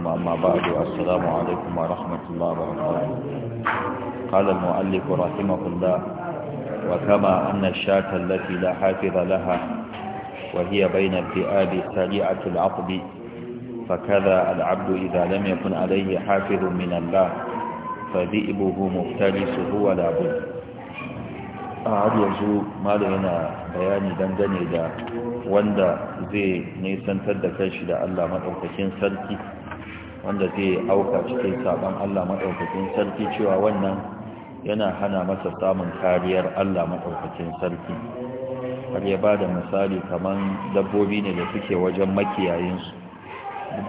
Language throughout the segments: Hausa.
ثم أما بعد السلام عليكم ورحمة الله وبركاته قال المؤلف رحمه الله وكما أن الشاة التي لا حافظ لها وهي بين الذئاب سريعة العقد فكذا العبد إذا لم يكن عليه حافظ من الله فذئبه مفترسه ولا بد har yanzu malo yana bayani dangane da wanda zai nisantar da kanshi da Allah maɗaukakin sarki wanda zai auka cikin sabon Allah maɗaukacin sarki cewa wannan yana hana masa samun kariyar Allah maɗaukacin sarki har ya da misali kamar dabbobi ne da suke wajen makiyayinsu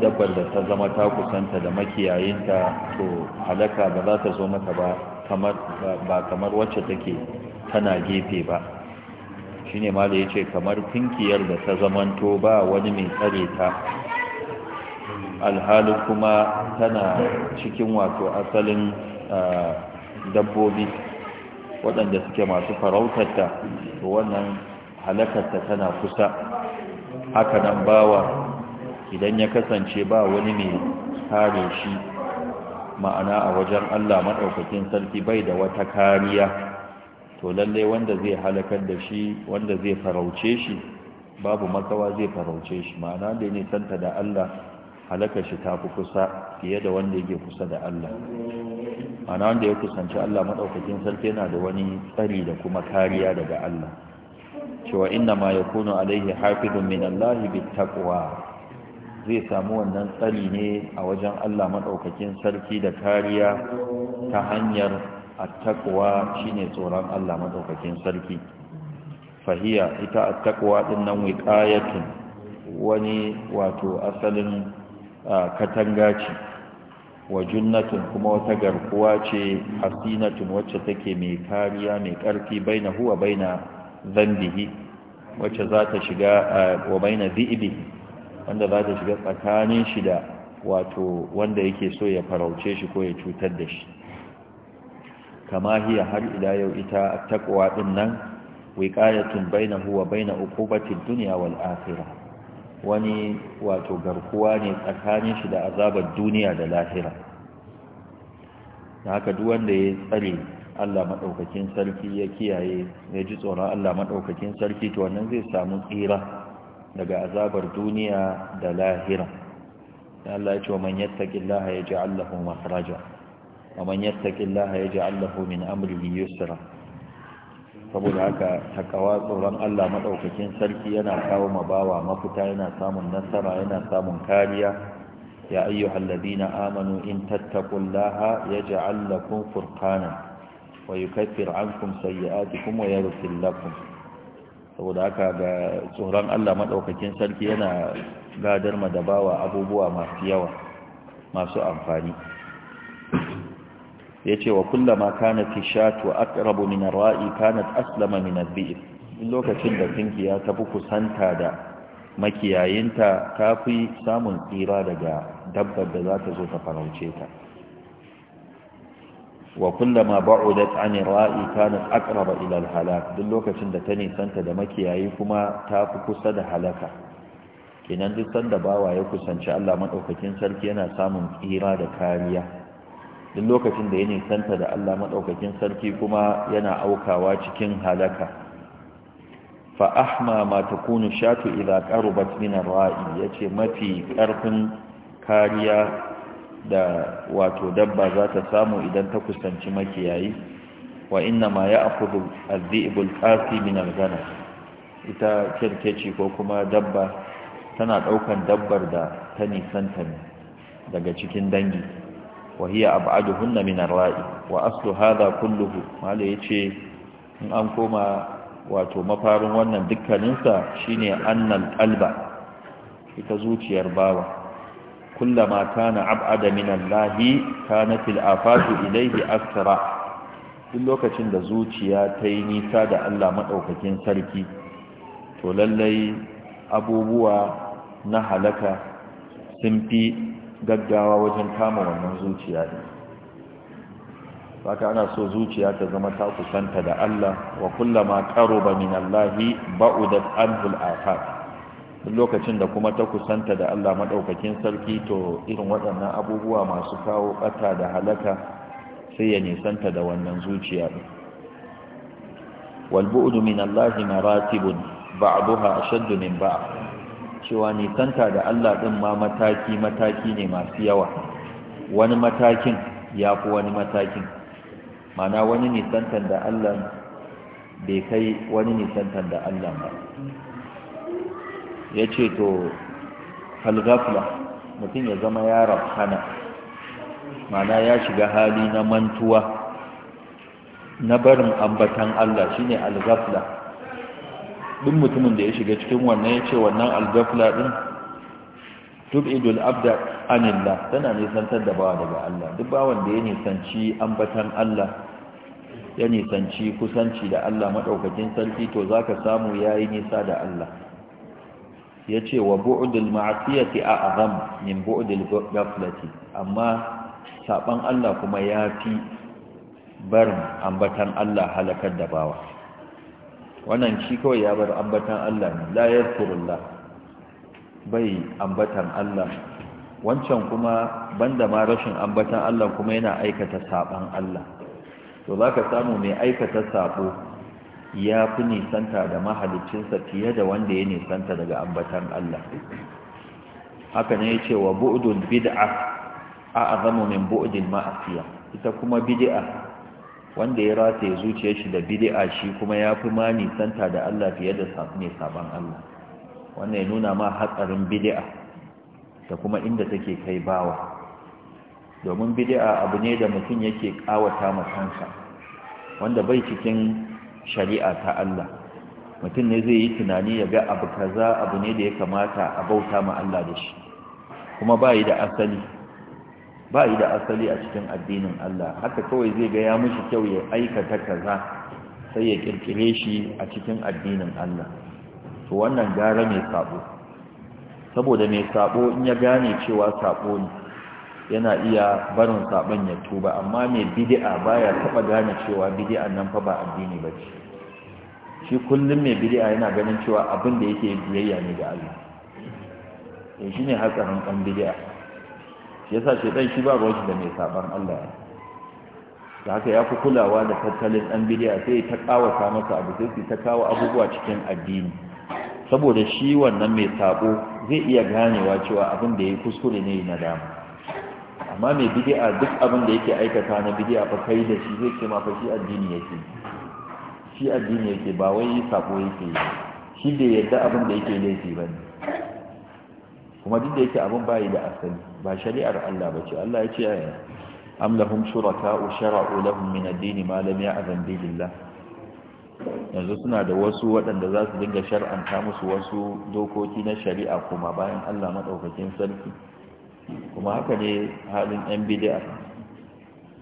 dabbar da ta zama ta kusanta da makiyayinta to halaka ba za ta zo mata ba kamar wacce take tana gefe ba shine ma da ce kamar tinkiyar da ta zamanto ba wani mai tsare ta alhalin kuma tana cikin wato asalin dabbobi waɗanda suke masu farautarta to wannan halakarta tana kusa haka nan bawa idan ya kasance ba wani mai kare shi ma'ana a wajen Allah maɗaukakin sarki bai da wata kariya to lallai wanda zai halakar da shi wanda zai farauce shi babu makawa zai farauce shi ma'ana da ne santa da Allah halakar shi ta fi kusa fiye da wanda yake kusa da Allah ana wanda ya kusanci Allah maɗaukakin sarki yana da wani tsari da kuma kariya daga Allah cewa inna ma ya kuno alaihi hafidun min Allah bi taqwa zai samu wannan tsari ne a wajen Allah maɗaukakin sarki da kariya ta hanyar attaqwa shine tsoron Allah maɗaukakin sarki fahiya ita attaqwa din nan wiqayatun wani wato asalin katanga ce wa junnatun kuma wata garkuwa ce hasinatun wacce take mai kariya mai ƙarfi baina huwa baina zambihi wacce za ta shiga wa baina zibi wanda za ta shiga tsakanin shi da wato wanda yake so ya farauce shi ko ya cutar da shi kama hiya har ila yau ita taqwa din nan wiqayatun baina uku, baina uqubati dunya wal akhirah wani wato garkuwa ne tsakanin shi da azabar duniya da lahira da haka duk wanda ya tsare Allah maɗaukakin sarki ya kiyaye ya ji tsoron Allah maɗaukakin sarki to wannan zai samu tsira daga azabar duniya da lahira Allah ya ce wa man yattaqillaha yaj'al lahu makhraja wa man ji Allah lahu min amrihi yusra saboda haka takawa tsoron Allah maɗaukakin sarki yana kawo mabawa mafita yana samun nasara yana samun kariya ya ayyuhal ladina amanu in tattaqullaha yaj'al lakum furqana wa yukaffir ankum sayyi'atikum wa yaghfir lakum saboda haka ga tsoron Allah maɗaukakin sarki yana gadar madabawa abubuwa masu yawa masu amfani ya ce wa kullama kanat shatu aqrabu min ar-ra'i kanat aslama min adh in lokacin da tinkiya ya fi kusanta da makiyayinta ta fi samun tsira daga dabbar da za ta zo ta farauce ta wa kullama ba'udat 'an ar-ra'i kanat aqraba ila al-halak duk lokacin da ta nisanta da makiyayi kuma ta fi kusa da halaka kenan duk sanda bawa ya kusanci Allah madaukakin sarki yana samun tsira da kariya duk lokacin da ya nisanta da Allah maɗaukakin sarki kuma yana aukawa cikin halaka fa ahma ma takunu shatu idza qarabat min ar-ra'i yace mafi karfin kariya da wato dabba za ta samu idan ta kusanci makiyayi wa inna ma ya'khudhu adh-dhi'b al-qasi min al ita kirkeci ko kuma dabba tana daukan dabbar da ta nisanta daga cikin dangi وهي ابعدهن من الرائي واصل هذا كله ما له yace in an koma wato mafarin wannan dukkanin shine annal qalba ita zuciyar bawa kullama na abada min allah kana fil afatu ilayhi aktara duk lokacin da zuciya ta yi nisa da Allah madaukakin sarki to lallai abubuwa na halaka sun fi gaggawa wajen kama wannan zuciya ne saka ana so zuciya ta zama ta kusanta da Allah wa kullama qaruba min Allah ba'udat anhu al-afat duk lokacin da kuma ta kusanta da Allah maɗaukakin sarki to irin waɗannan abubuwa masu kawo ɓata da halaka sai ya nisanta da wannan zuciya ne wal bu'du min Allah maratibun ba'daha ashaddu min ba'd cewa nisanta da Allah ɗin ma mataki-mataki ne masu yawa wani matakin ya fi wani matakin mana wani santa da Allah bai kai wani santa da Allah ba ya ce to falgafla mutum ya zama ya hana, mana ya shiga hali na mantuwa na barin ambatan Allah shine algafla duk mutumin da ya shiga cikin wannan ya ce wannan algafla ɗin tub'idul abda anillah tana nisantar da bawa daga Allah duk bawan da ya nisanci ambatan Allah ya nisanci kusanci da Allah madaukakin sarki to zaka samu yayi nisa da Allah yace wa bu'dul ma'siyati a'zam min bu'dil ghaflati amma saɓan Allah kuma ya fi barin ambatan Allah halakar da bawa wannan shi kawai ya bar ambatan Allah ne la yadhkurullah bai ambatan Allah wancan kuma banda ma rashin ambatan Allah kuma yana aikata saban Allah to zaka samu mai aikata sabo ya fi nisanta da mahaliccinsa fiye da wanda ya nisanta daga ambatan Allah haka ne ce wa bu'dul bid'a a'zamu min Bu'udin ma'siyah ita kuma bid'a wanda ya ya zuciya shi da bid'a shi kuma ya fi mani nisanta da Allah fiye da sabon sabon Allah wannan ya nuna ma hatsarin bid'a da kuma inda take kai bawa domin bid'a abu ne da mutum yake kawata ma wanda bai cikin shari'a ta Allah mutum ne zai yi tunani ya ga abu kaza abu ne da ya kamata a bauta ma Allah da shi kuma bai da asali ba yi da asali a cikin addinin Allah haka kawai zai ga ya mushi kyau ya aikata kaza sai ya kirkire shi a cikin addinin Allah to wannan gara mai sabo saboda mai sabo in ya gane cewa sabo ne yana iya barin sabon ya tuba amma mai bid'a baya taba gane cewa bid'a nan fa ba addini bace shi kullum mai bid'a yana ganin cewa abin da yake biyayya ne ga Allah shi shine hatsarin kan bid'a yasa ɗan shi ba ruwan da mai sabon Allah ya da haka ya fi kulawa da tattalin ɗan bidiya sai ta kawata masa abu sai su ta abubuwa cikin addini saboda shi wannan mai sabo zai iya ganewa cewa abin da ya kuskure ne na dama amma mai bidiya duk abin da yake aikata na bidiya fa kai da shi zai ce ma fa shi addini yake shi addini yake ba wai sabo yake shi da yadda abin da yake laifi ba ne kuma duk da yake abin bayi da asali ba shari'ar Allah ba ce Allah ya ce a am lahum shuraka'u shara'u lahum min ad malamiya a lam yanzu suna da wasu waɗanda za su dinga shar'anta musu wasu dokoki na shari'a kuma bayan Allah maɗaukakin sarki kuma haka ne halin yan bid'a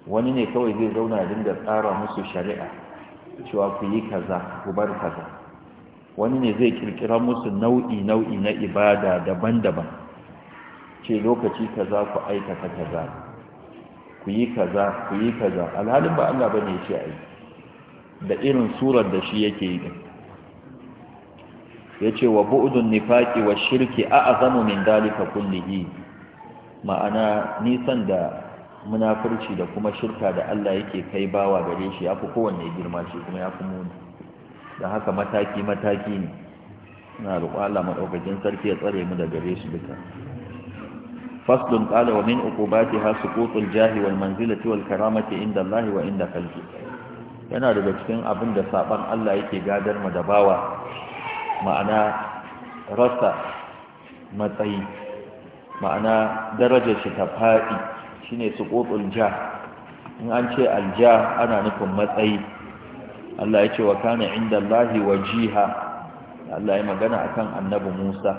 wani ne kawai zai zauna dinga tsara musu shari'a cewa ku yi kaza ku bar kaza wani ne zai kirkira musu nau'i nau'i na ibada daban-daban ce lokaci kaza ku aikata kaza ku yi kaza ku yi kaza alhalin ba Allah bane ya ce ai da irin surar da shi yake yi Ya ce wa bu'udun nifaki wa shirki a'zamu min dalika kullihi ma'ana nisan da munafurci da kuma shirka da Allah yake kai bawa gare shi ya fi kowanne girma shi kuma ya fi muni da haka mataki mataki ne ina roƙo Allah sarki ya tsare mu daga gare su duka faslun qala wa min su suqutul jahi manzila manzilati wal ce, inda Allah wa inda khalqi yana daga cikin abin da saban Allah yake gadar mu da bawa ma'ana rasa matsayi ma'ana darajar shi ta faɗi shine suqutul ja. in an ce alja ana nufin matsayi Allah ya ce wa kana inda Allah wajiha Allah ya magana akan annabi Musa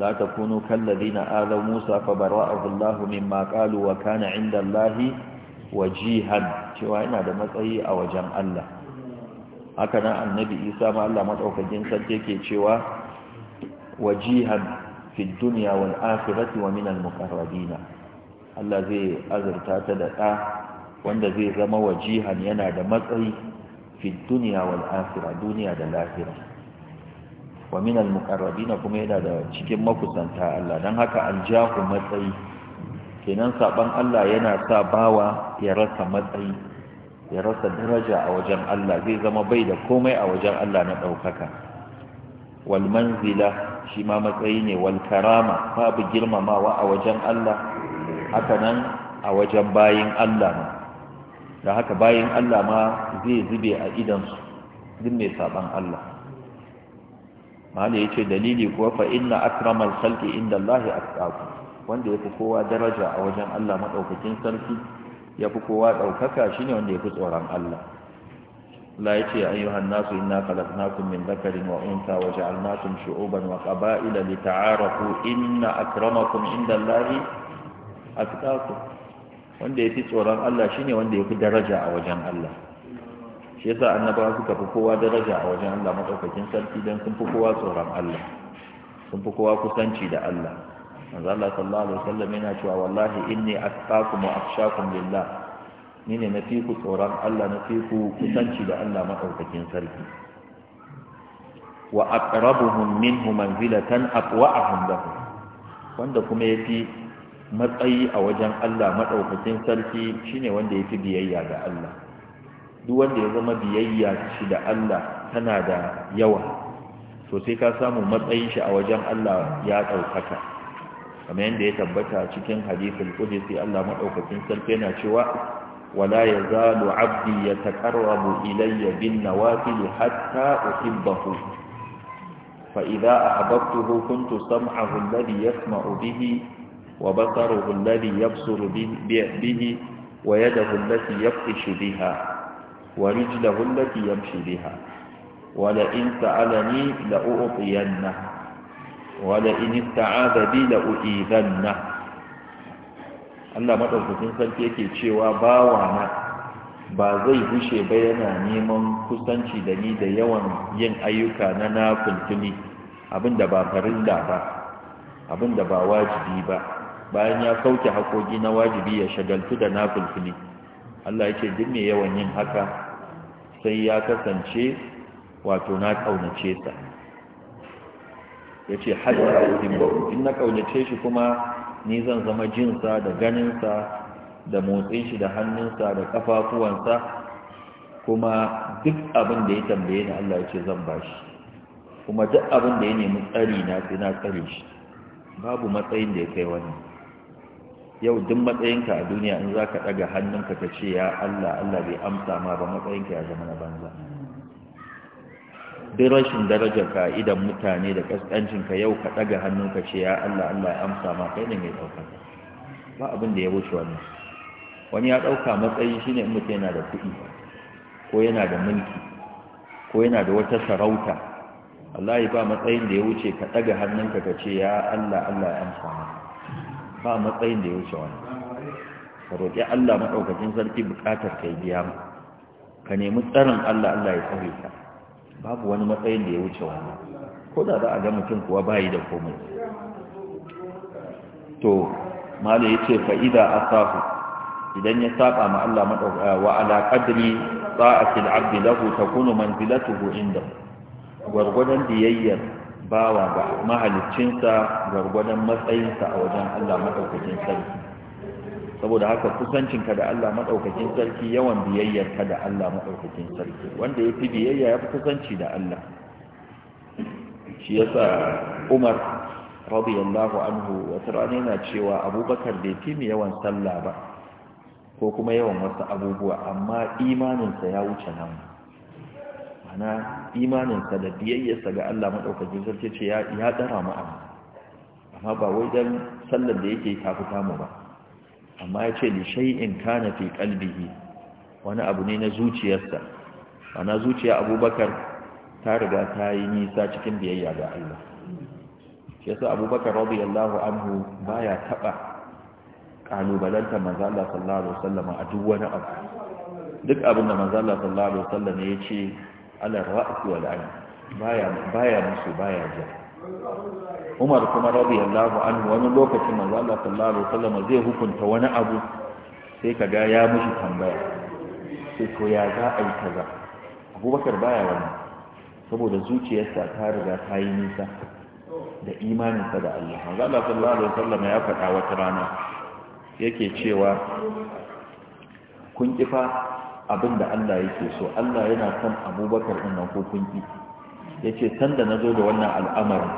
la takunu ladina azaw Musa fa bara'ahu Allah mimma qalu wa kana inda Allah wajihan cewa ina da matsayi a wajen Allah haka nan annabi Isa ma Allah madaukakin sarki yake cewa wajihan fi dunya wal akhirati wa minal muqarrabin Allah zai azurta ta da ɗa wanda zai zama wajihan yana da matsayi fi duniya wal duniya da lahira wa min al kuma yana da cikin makusanta Allah dan haka Aljahu matsayi kenan saban Allah yana sa bawa ya rasa matsayi ya rasa daraja a wajen Allah zai zama bai da komai a wajen Allah na daukaka wal manzila shi ma matsayi ne wal karama babu girmamawa a wajen Allah haka nan a wajen bayin Allah ne da haka bayan Allah ma zai zube a idansu duk mai saban Allah mahala ya ce dalili kuwa fa inna akramar khalqi inda Allahi atqaku wanda fi kowa daraja a wajen Allah madaukakin sarki fi kowa shi shine wanda yafi tsoron Allah la yace ayyuhan nasu inna khalaqnakum min dhakarin wa untha wa ja'alnakum shu'uban wa qaba'ila lita'arafu inna akramakum inda Allahi atqaku wanda ya fi tsoron Allah shine wanda ya fi daraja a wajen Allah shi yasa annabawa suka fi kowa daraja a wajen Allah maɗaukakin sarki don sun fi kowa tsoron Allah sun fi kowa kusanci da Allah manzo Allah sallallahu alaihi wasallam yana cewa wallahi inni attaqakum wa akhshakum lillah ni ne na fi ku tsoron Allah na fi ku kusanci da Allah maɗaukakin sarki wa aqrabuhum minhu manzilatan aqwa'ahum lahu wanda kuma yafi matsayi a wajen Allah maɗaukacin sarki shine wanda ya fi biyayya ga Allah duk wanda ya zama biyayya shi da Allah tana da yawa to sai ka samu matsayin shi a wajen Allah ya ɗaukaka kamar yadda ya tabbata cikin hadisul qudsi Allah maɗaukacin sarki yana cewa wala yazalu abdi yataqarrabu ilayya bin nawafil hatta uhibbahu فإذا أحببته كنت سمعه الذي يسمع به وبصره الذي يبصر به ويده التي يبطش بها ورجله التي يمشي بها ولئن سألني لأعطينه ولئن استعاذ بي لأؤيذنه Allah madaukakin sarki yake cewa bawana ba zai bushe ba yana neman kusanci da ni da yawan yin ayyuka na na abinda ba farilla ba abinda ba wajibi ba bayan ya sauke hakoki na wajibi ya shagaltu da nafilfili Allah ce duk mai yawan yin haka sai ya kasance wato na kaunace sa yace hatta uhibbu in na kaunace shi kuma ni zan zama jinsa da ganinsa da motsin shi da hannunsa da kafafuwansa kuma duk abin da ya tambaye ni Allah ce zan ba shi. kuma duk abin da ya nemi tsari na sai na tsare shi babu matsayin da ya kai wannan yau duk matsayinka a duniya in za ka ɗaga hannunka ka ce ya Allah Allah bai amsa ma ba matsayinka ya zama na banza duk rashin darajar ka idan mutane da ƙasƙancinka yau ka ɗaga hannunka ce ya Allah Allah ya amsa ma kai ne mai ɗaukar ba abin da ya wuce wannan wani ya ɗauka matsayi shine in mutum yana da kuɗi ko yana da mulki ko yana da wata sarauta Allah ya ba matsayin da ya wuce ka ɗaga hannunka ka ce ya Allah Allah ya amsa ma ba matsayin da ya wuce wani ka roƙi Allah maɗaukacin sarki buƙatar ka yi biya ma ka nemi tsarin Allah Allah ya sauri ka babu wani matsayin da ya wuce wani ko da za a ga mutum kuwa bayi da komai to malu ya ce fa'ida a sahu idan ya saba ma Allah maɗaukacin eh, wa alaƙadri tsa'atil abdi lahu manzilatu manzilatuhu inda gwargwadon biyayyar bawa ga mahaliccinsa gargwadon matsayinsa a wajen Allah maɗaukakin sarki saboda haka kusancinka da Allah maɗaukakin sarki yawan biyayyarka da Allah maɗaukakin sarki wanda ya fi biyayya ya fi kusanci da Allah shi ya sa umar radiyallahu anhu wata rana yana cewa abubakar bai fi yawan sallah ba ko kuma yawan wasu abubuwa amma imaninsa ya wuce nan ma'ana imaninsa da biyayyarsa ga Allah maɗaukakin sarki ce ya ɗara mu amma ba wai don sallar da yake tafi tamu ba amma ya ce lishai'in kana fi kalbihi wani abu ne na zuciyarsa ana zuciya abubakar ta riga ta yi nisa cikin biyayya ga Allah shi yasa abubakar yallahu anhu ba ya taɓa ƙalubalanta manzo Allah sallallahu alaihi wasallam a duk wani abu duk abin da manzo Allah sallallahu alaihi ya ce ala ra'si wal ayn baya baya musu baya ja Umar kuma radiyallahu anhu wani lokacin manzo Allah sallallahu alaihi wasallam zai hukunta wani abu sai kaga ya mushi tambaya sai to ya za a yi kaza Abubakar baya wannan saboda zuciyarsa ta riga ta yi nisa da imaninsa da Allah manzo Allah sallallahu alaihi wasallam ya faɗa wata rana yake cewa kun kifa abin da Allah yake so Allah yana son abubakar ɗin nan ko kunki ya ce san da na zo da wannan al'amarin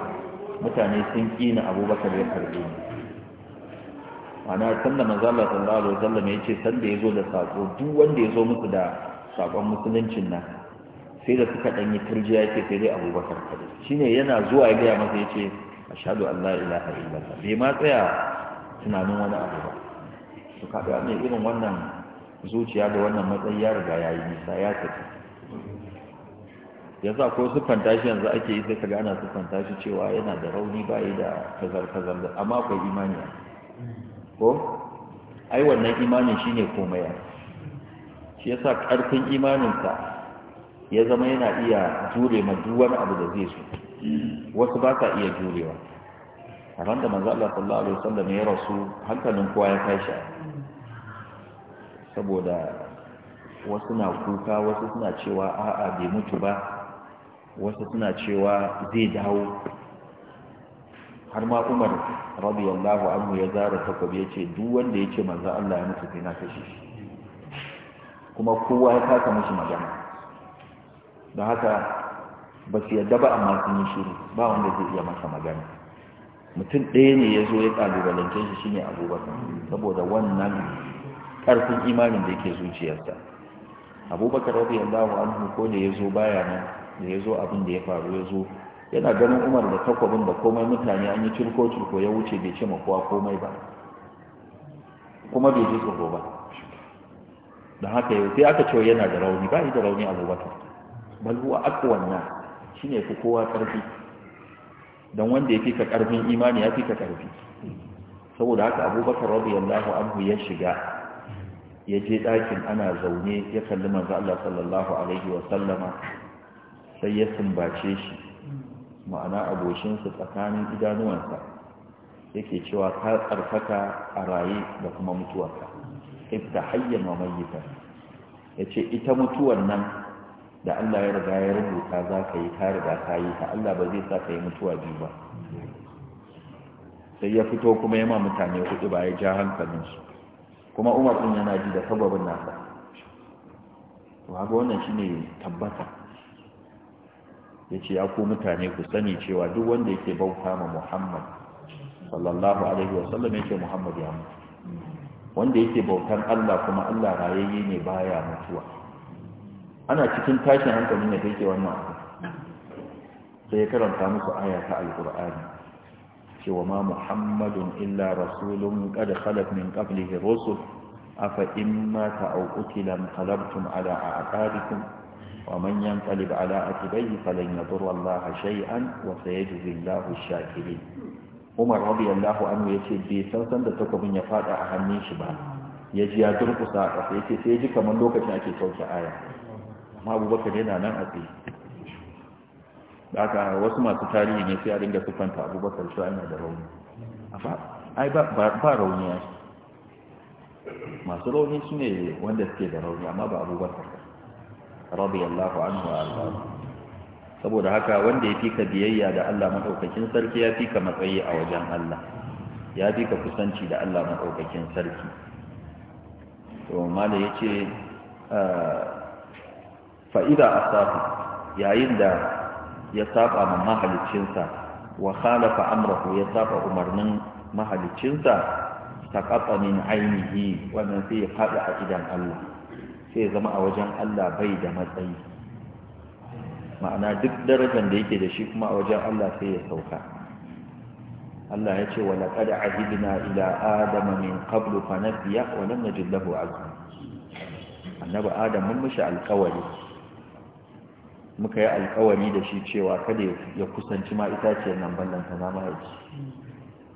mutane sun ƙina abubakar ya karɓe ni ana san da manzala sallallahu alaihi wasallam ya ce san da ya zo da saƙo. duk wanda ya zo musu da saƙon musuluncin nan sai da suka ɗan yi turjiya ya ce sai dai abubakar kaɗai shine yana zuwa ya gaya masa ya ce ashhadu an la ilaha illallah bai ma tsaya tunanin wani abu ba to kaga mai irin wannan zuciya da wannan matsayi ya riga ya yi nisa ya tafi yasa ko su shi yanzu ake yi sai kaga ana su fantashi cewa yana da rauni ba yi da kazar kazar da amma akwai imani ko ai wannan imanin shine komai shi yasa karfin imaninsa ya zama yana iya jure ma wani abu da zai so wasu ba ka iya jurewa a da manzo Allah sallallahu alaihi wasallam ya rasu hankalin kowa ya tashi saboda wasu na kuka wasu suna cewa a'a bai mutu ba wasu suna cewa zai dawo har ma umar radiyallahu anhu ya zara takobi ya ce duk wanda ya ce manzo Allah ya mutu sai na kashe kuma kowa ya kasa mashi magana don haka ba su yadda ba amma sun yi shiru ba wanda zai iya masa magana mutum ɗaya ne ya zo ya ƙalubalance shi shine abubakar saboda wannan ƙarfin imanin da yake zuciyarsa abubakar radiyallahu anhu ko da ya zo baya nan da ya zo abin da ya faru ya zo yana ganin umar da takwabin da komai mutane an yi cirko cirko ya wuce bai ce kowa komai ba kuma bai ji tsoro ba don haka yau sai aka cewa yana da rauni ba da rauni abubakar bal aka wannan shi shine fi kowa karfi don wanda ya fika karfin imani ya fika karfi saboda haka abubakar Yallahu anhu ya shiga ya je ɗakin ana zaune ya kalli manzo Allah sallallahu alaihi wa sallama sai ya sumbace shi ma'ana aboshinsa tsakanin idanuwansa yake cewa ka tsarfaka a raye da kuma mutuwarka ibta hayyan wa mayyitan yace ita mutuwar nan da Allah ya riga ya rubuta za ka yi ka riga ka yi ta Allah ba zai sa ka yi mutuwa biyu ba sai ya fito kuma ya ma mutane hudu ba ya ja hankalinsu kuma umar din yana ji da sababin nasa to haka wannan shine tabbata yace ya ku mutane ku sani cewa duk wanda yake bauta ma Muhammad sallallahu alaihi wasallam yake Muhammad ya mutu wanda yake bautan Allah kuma Allah rayayye ne baya mutuwa ana cikin tashin hankali ne da wannan sai ya karanta musu aya ta alqur'ani ce wa ma muhammadun illa rasulun kada khalat min qablihi rusul afa in ma ta'uqila qalabtum ala aqabikum wa man yanqalib ala atibayhi falan yadurra Allah shay'an wa sayajzi Allahu ash-shakirin Umar radiyallahu anhu yace bai san san da takobin ya fada a hannun shi ba ya ji ya durkusa a ƙasa yace sai ya ji kamar lokacin ake sauke aya amma Abubakar yana nan a tsaye da aka wasu masu tarihi ne sai a dinga sufanta abubakar su ana da rauni ai ba rauni ya masu rauni su ne wanda suke da rauni amma ba abubakar rabi allahu anhu wa allahu saboda haka wanda ya fika biyayya da allah maɗaukakin sarki ya fika matsayi a wajen allah ya fika kusanci da allah maɗaukakin sarki to mala ya ce ah, fa'ida a yayin da ya saba ma mahalicinsa wa khalafa amrahu ya saba umarnin mahalicinsa taqatta min ainihi wannan sai ya fada a idan Allah sai ya zama a wajen Allah bai da matsayi ma'ana duk darajar da yake da shi kuma a wajen Allah sai ya sauka Allah ya ce wa laqad ahidna ila adama min qablu fa nasiya wa lam najid lahu annabi adam mun mishi alƙawari muka yi alkawari da shi cewa kada ya kusanci ma itaciyar nan ballan ta Wana mahaifi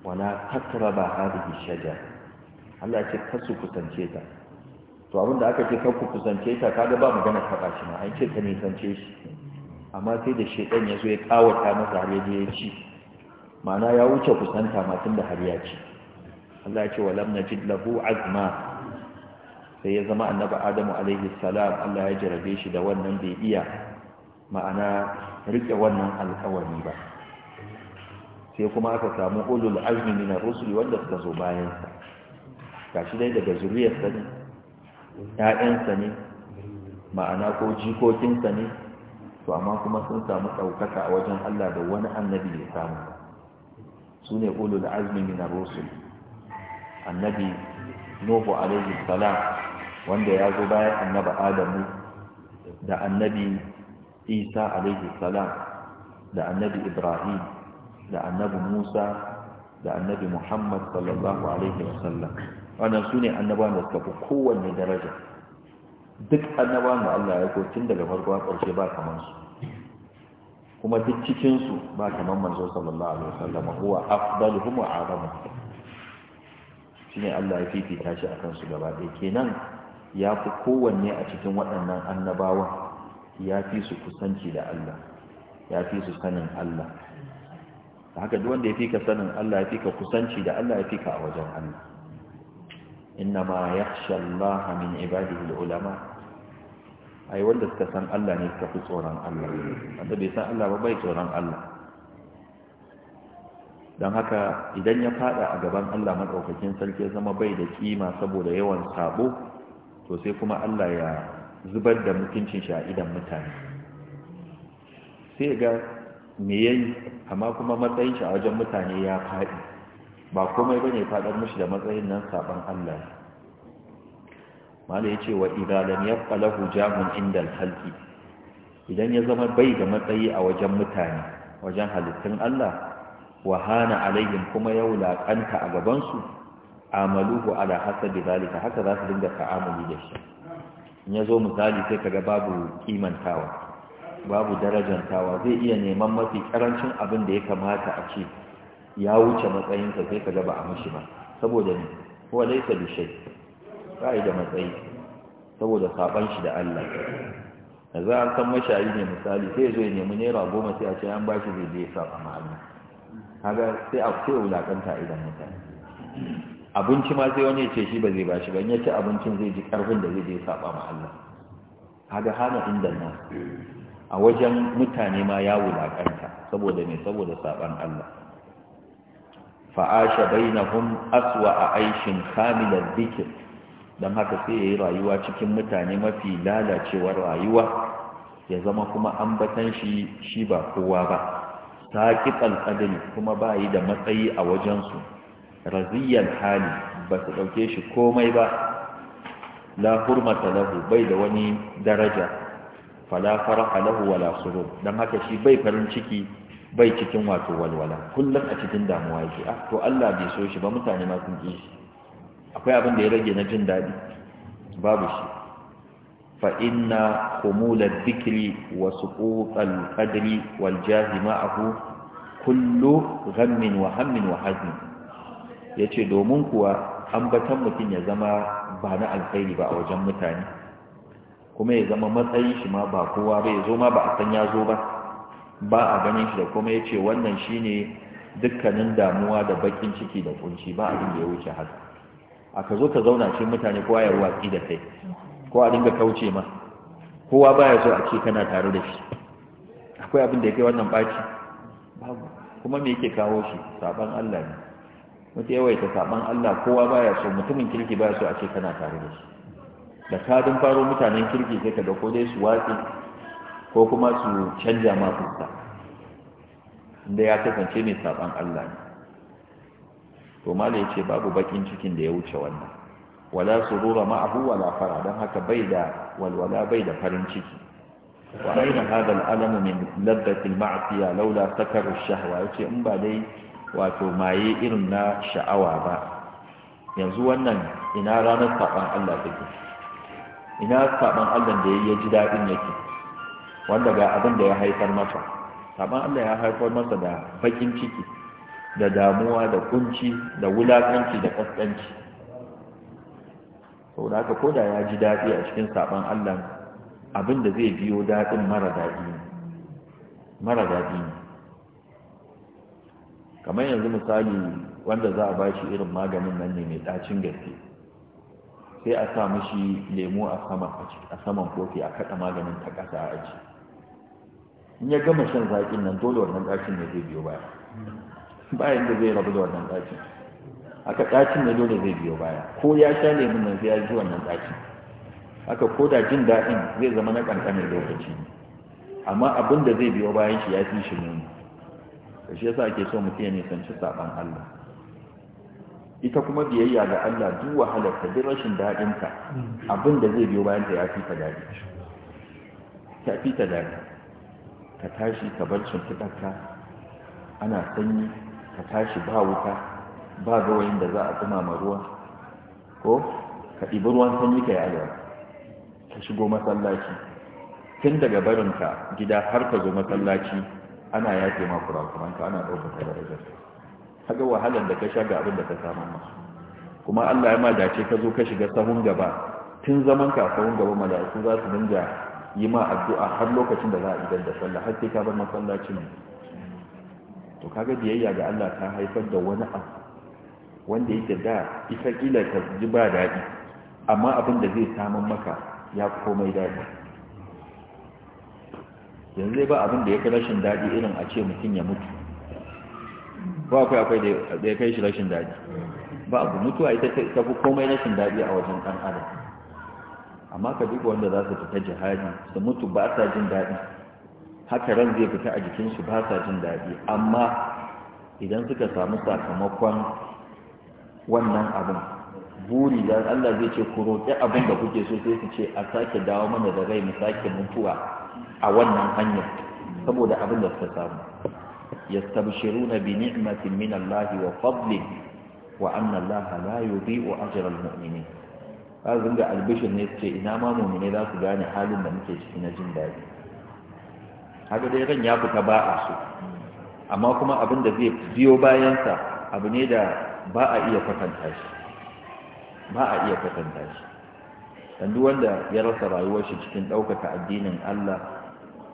wala takraba hadhihi shajar Allah ya ce kasu kusance ta to abin da aka ce kanku ku kusance ta kaga ba magana taba shi ma an ce ta nisance shi amma sai da shedan ya zo ya kawata masa har ya ya ci ma'ana ya wuce kusanta ma tun da har ya ci Allah ya ce walam najid lahu azma sai ya zama annabi Adamu alaihi salam Allah ya jarabe shi da wannan bai iya ma'ana rike wannan alkawari ba sai kuma aka samu ulul azmi min ar wanda suka zo bayan sa gashi dai daga zuriyar sa ne ne ma'ana ko jikokin ne to amma kuma sun samu daukaka a wajen Allah da wani annabi ya samu ne ulul azmi min ar-rusul annabi nuhu alaihi salam wanda ya zo bayan annaba adamu da annabi isa alaihi salam da annabi ibrahim da annabi musa da annabi muhammad sallallahu alaihi wasallam wannan sune annabawan da suka fi kowanne daraja duk annabawan da allah ya tun daga farko a ƙarshe ba kamar su kuma duk cikinsu ba kamar manzo sallallahu alaihi wasallam huwa afdaluhum wa a'zamuhum shine Allah ya fifita shi akan su gaba ɗaya kenan ya fi kowanne a cikin waɗannan annabawan ya fi su kusanci da Allah ya fi su sanin Allah haka duk wanda ya fi ka sanin Allah ya fi ka kusanci da Allah ya fi ka a wajen Allah inna ma yakhsha Allah min ibadihi ulama ai wanda suka san Allah ne suka fi tsoron Allah wanda bai san Allah ba bai tsoron Allah don haka idan ya fada a gaban Allah madaukakin sarki ya zama bai da kima saboda yawan sabo to sai kuma Allah ya zubar da mutuncin shi a idan mutane sai ga me yayi amma kuma matsayin shi a wajen mutane ya faɗi ba komai bane faɗar mushi da matsayin nan saban Allah mala yace wa idza lam yabqa lahu jamun inda al-khalqi idan ya zama bai da matsayi a wajen mutane wajen halittun Allah wahana alaihim kuma ya wulaƙanta a gabansu amaluhu ala hasabi zalika haka za su dinga ta'amuli da shi in ya zo misali sai kaga babu kimantawa babu tawa zai iya neman mafi karancin abin da ya kamata a ce ya wuce matsayinsa sai kaga ba a mishi ba saboda ne kowa laisa da shai bai da matsayi saboda saban shi da Allah da za a san mashayi ne misali sai zo ya nemi naira goma sai a ce an bashi zai je sa a ma'ana sai a sai wulakanta idan mutane abinci ma sai wani ya ce shi ba zai bashi ba in ya ci abincin zai ji karfin da zai je saba ma Allah haga hana inda na a wajen mutane ma ya wulakanta saboda me saboda saban Allah fa'asha bainahum aswa a aishin kamilar dhikr dan haka sai yayi rayuwa cikin mutane mafi lalacewar rayuwa ya zama kuma ambatan shi shi ba kowa ba saqiqal qadri kuma ba yi da matsayi a wajen su raziyar hali ba su ɗauke shi komai ba la hurmata lahu bai da wani daraja fala faraha lahu wala surur dan haka shi bai farin ciki bai cikin wato walwala kullum a cikin damuwa yake ah to Allah bai so shi ba mutane ma sun shi akwai abin da ya rage na jin daɗi babu shi fa inna kumulad dhikri wa suqutal qadri wal jahi ma'ahu kullu ghammin wa hammin wa hazmin ya ce domin kuwa ambatan mutum ya zama ba na alkhairi ba a wajen mutane kuma ya zama matsayin shi ma ba kowa ba ya zo ma ba a san ya zo ba ba a ganin shi da kuma ya ce wannan shi ne dukkanin damuwa da bakin ciki da kunci ba abin da ya wuce haka a ka zo ka zauna cikin mutane kowa ya watsi da kai ko a dinga kauce ma kowa baya zo a ce kana tare da shi akwai abin da ya kai wannan baki babu kuma me yake kawo shi saban Allah ne yawai yawaita saban Allah kowa baya so mutumin kirki baya so a ce kana tare da su. da kadin faro mutanen kirki sai ka ga ko dai su watsi ko kuma su canja ma fuska inda ya kasance mai saban Allah ne to mala ce babu bakin cikin da ya wuce wannan wala surura ma'ahu wala fara Don haka bai da walwala bai da farin ciki wa aina alama al-alamu min laddat al-ma'siya laula sakaru ash-shahwa yace in ba dai wato maye irin na sha'awa ba yanzu wannan ina ranar saɓan Allah take ina saɓan Allah da ya ji daɗin yake wanda ga abin da ya haifar masa saɓan Allah ya haifar masa da baƙin ciki da damuwa da kunci da wulaƙanci da ƙasƙanci sau da haka koda ya ji daɗi a cikin saɓan Allah abin da zai biyo daɗin mara daɗi ne kamar yanzu misali wanda za a bashi irin maganin nan ne mai ɗacin gaske sai a sa mishi lemu a saman kofi a kaɗa maganin ta ƙasa a aji in ya gama shan zaƙin nan dole wannan ɗacin ne zai biyo baya bayan da zai rabu da wannan ɗacin aka ɗacin ne dole zai biyo baya ko ya sha lemun nan sai ya ji wannan ɗacin aka ko da jin daɗin zai zama na ƙanƙanin lokaci amma abin da zai biyo bayan shi ya fi shi ne da shi yasa ake so mutum ya nisanci saɓan Allah ita kuma biyayya ga Allah duk wahalar ta duk rashin daɗinta abin da zai biyo bayan ta ya fi ta daɗi ta fi ta daɗi ka tashi ka bar shimfiɗarka ana sanyi ka tashi ba wuta ba gawayin da za a ma ruwa ko ka ɗibi ruwan sanyi ka yi ka shigo masallaci tun daga barinka gida har ka zo masallaci ana yake ma kurakuranka ana ɗaukaka darajarka kaga wahalar da ka sha ga abin da ka samu masu kuma Allah ya ma dace ka zo ka shiga sahun gaba tun zaman ka sahun gaba mala'iku za su dinga yi ma addu'a har lokacin da za a idan da sallah har sai ka bar masallacin to kaga biyayya ga Allah ta haifar da wani abu wanda yake da ita kila ka ji ba daɗi amma abin da zai samun maka ya komai daɗi yanzu zai ba abin da ya fi rashin daɗi irin a ce mutum ya mutu Ba akwai akwai da ya kai shi rashin daɗi ba abu mutuwa ita ta fi komai rashin daɗi a wajen ɗan adam amma ka duk wanda za su fita jihadi su mutu ba sa jin daɗi haka ran zai fita a jikinsu ba sa jin daɗi amma idan suka samu sakamakon wannan abin buri da Allah zai ce ku roƙi abin da kuke so sai su ce a sake dawo mana da rai mu sake mutuwa a wannan hanyar saboda abin da suka samu na bi ni'matin min Allah wa fadlin wa anna Allah la yudhi'u ajra al-mu'minin azin ga albishir ne ce ina ma mu'mine za su gane halin da muke ciki na jin daɗi haka dai ran ya fita ba a so amma kuma abin da zai biyo bayansa abu ne da ba a iya kwatanta shi ba a iya kwatanta shi wanda ya rasa rayuwar shi cikin ɗaukaka addinin Allah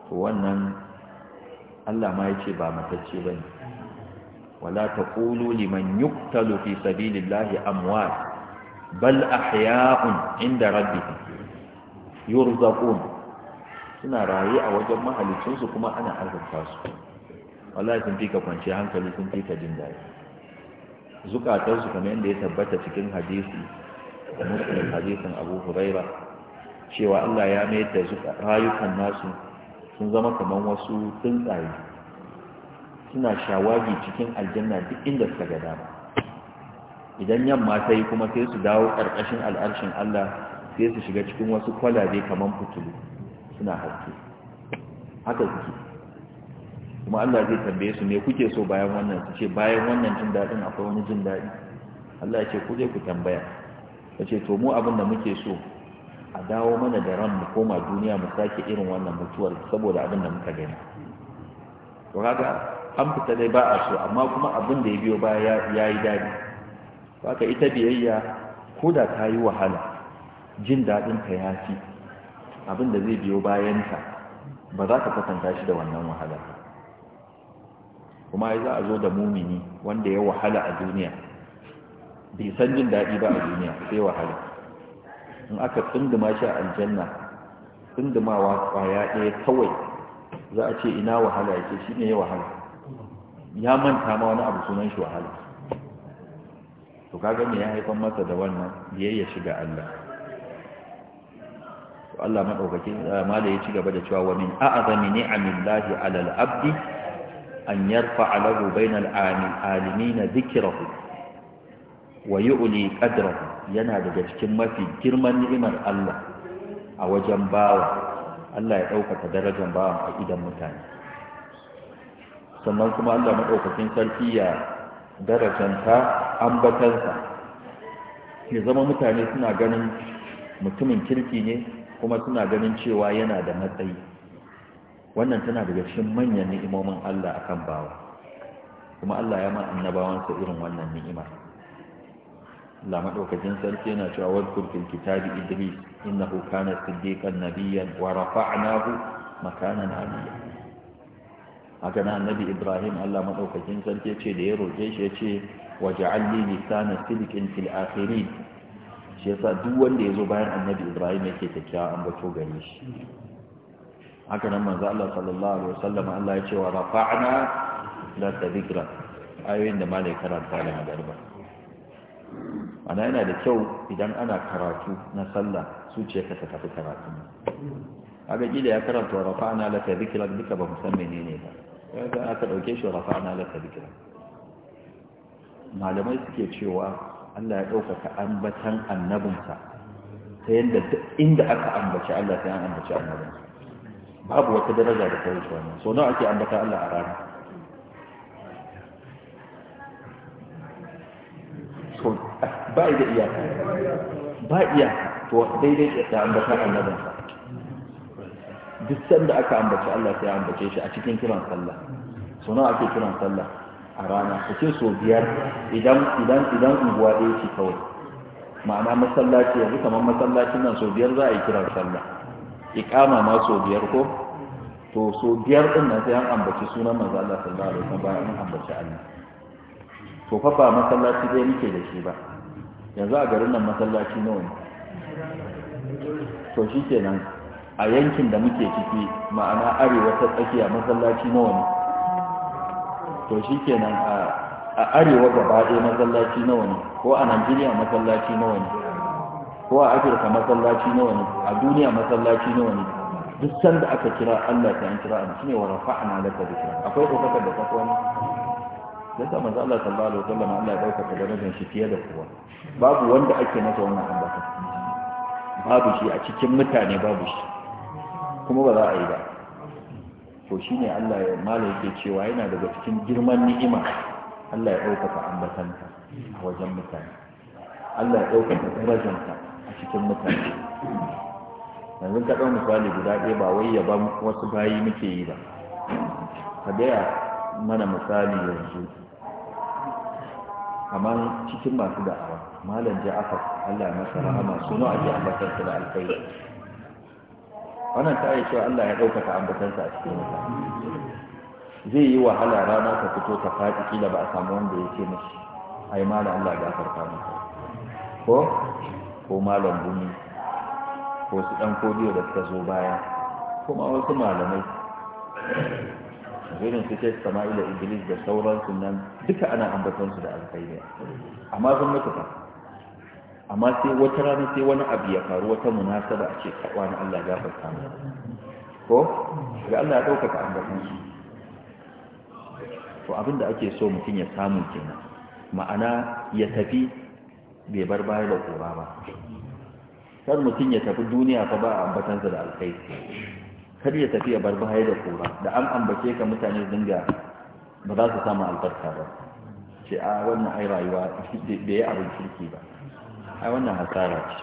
to wannan Allah ma yace ba matacce bane wala taqulu liman yuqtalu fi sabilillahi amwat bal ahya'un inda rabbihim yurzaqun suna raye a wajen mahalicin su kuma ana arzuta su wallahi sun fika kwanciya hankali sun fika jin daɗi zukatansu kamar yadda ya tabbata cikin hadisi da muslim hadisin abu huraira cewa Allah ya mayar da rayukan nasu sun zama kamar wasu tsuntsaye suna shawagi cikin aljanna duk inda suka ga dama idan yamma ta yi kuma sai su dawo ƙarƙashin al'arshin Allah sai su shiga cikin wasu kwalabe kamar fitulu suna haske haka suke kuma Allah zai tambaye su ne kuke so bayan wannan su ce bayan wannan jin daɗin akwai wani jin daɗi Allah ya ce ku je ku tambaya ya ce to mu abin da muke so a dawo mana da ran mu koma duniya mu sake irin wannan mutuwar saboda abin da muka gani to kaga an fita dai ba a so amma kuma abin da ya biyo baya ya yi daɗi haka ita biyayya ko da ta yi wahala jin daɗin ka ya fi abin da zai biyo bayanta ba za ka kwatanta shi da wannan wahala kuma za a zo da mumini wanda ya wahala a duniya bai san jin daɗi ba a duniya sai wahala in aka tsunduma shi a aljanna tsundumawa kwaya ɗaya kawai za a ce ina wahala ya ce shi ne ya wahala ya manta ma wani abu sunan shi wahala to kaga me ya haifar masa da wannan biyayya shiga Allah to Allah madaukaki eh, mala ya ci gaba da cewa wa min a'zami ni'amillahi 'ala al-'abdi an yarfa'a lahu bainal 'alimin dhikrahu wa uli qadrahu yana daga cikin mafi girman ni'imar Allah a wajen bawa Allah ya ɗaukaka darajar bawa a idan mutane sannan kuma Allah maɗaukakin sarki ya darajanta ambatansa ya zama mutane suna ganin mutumin kirki ne kuma suna ganin cewa yana da matsayi wannan tana daga cikin manyan ni'imomin Allah akan bawa kuma Allah ya ma annabawansa irin wannan ni'imar Allah madaukakin sarki yana cewa wadkur fil kitabi idris innahu kana siddiqan nabiyyan wa rafa'nahu makanan aliyya haka nan annabi ibrahim Allah madaukakin sarki ce da ya roke shi ya ce alli lisana sidqin fil akhirin shi yasa duk wanda ya zo bayan annabi ibrahim yake kyakkyawa an bato gare shi haka nan manzo Allah sallallahu alaihi wasallam Allah ya ce wa rafa'na la tadhikra ayoyin da malai karanta da magarba ana yana da kyau idan ana karatu na sallah su ce ka tafi karatu aga da ya karanta wa rafa'ana laka dhikrak duka ba san ne ba Ya kaga aka dauke shi wa ana laka zikira malamai suke cewa Allah ya ɗaukaka ambatan annabinsa ta yadda inda aka ambaci Allah sai an ambaci annabinsa babu wata daraja da ta wuce wannan so nawa ake ambata Allah a rana ba da iyaka ba iyaka to daidai da ta ambata annabin duk sanda aka ambaci Allah sai ambace shi a cikin kiran sallah so nawa ake kiran sallah a rana ka ce so biyar idan idan idan unguwa ɗaya ce kawai ma'ana masallaci yanzu kamar masallacin nan so biyar za a yi kiran sallah iqama ma so biyar ko to so biyar din nan sai an ambaci sunan manzo Allah sallallahu alaihi wasallam bayan an ambaci Allah to fa ba masallaci dai nake da shi ba yanzu a garin nan masallaci nawa ne to shi kenan a yankin da muke ciki ma'ana arewa ta tsakiya masallaci nawa ne to shi kenan a arewa gaba ɗaya masallaci nawa ne ko a najeriya masallaci nawa ne ko a afirka masallaci nawa ne a duniya masallaci nawa ne duk sanda aka kira allah ta an kira an shine wa rafa'ana laka dhikra akwai ɗaukakar da ta wani yasa manzo Allah sallallahu alaihi wasallam Allah ya dauka darajar shi fiye da kowa babu wanda ake masa wannan ambata babu shi a cikin mutane babu shi kuma ba za a yi ba to shine Allah ya mala yake cewa yana daga cikin girman ni'ima Allah ya dauka ka a wajen mutane Allah ya dauka ka a cikin mutane yanzu ka ɗau misali guda ɗaya ba wai ya ba wasu bayi muke yi ba ka gaya mana misali yanzu kamar cikin masu da'awa malam ja'afar Allah masa rahama a ake ambatar da alkhairi wannan ta yi cewa Allah ya ɗaukaka ambatarsa a cikin wata zai yi wahala rana ta fito ta faɗi kila ba a samu wanda ya ce mashi ai malam Allah ya gafarta maka ko ko malam buni ko su ɗan kodiyo da suka zo baya kuma wasu malamai irin su ce sama'ila iblis da sauransu nan duka ana su da alkhairi amma sun mutu ba amma sai wata rana sai wani abu ya faru wata munasaba a ce kawa na Allah ya farka mu ko ga Allah ya ɗaukaka su to abinda ake so mutum ya samu kenan ma'ana ya tafi bai bar baya da kura ba kar mutum ya tafi duniya fa ba ambatansa da alkhairi kar ya tafi ya da kura da an ambace ka mutane dinga ba za su samu albarka ba ce a wannan ai rayuwa da ya abin kirki ba ai wannan hasara ce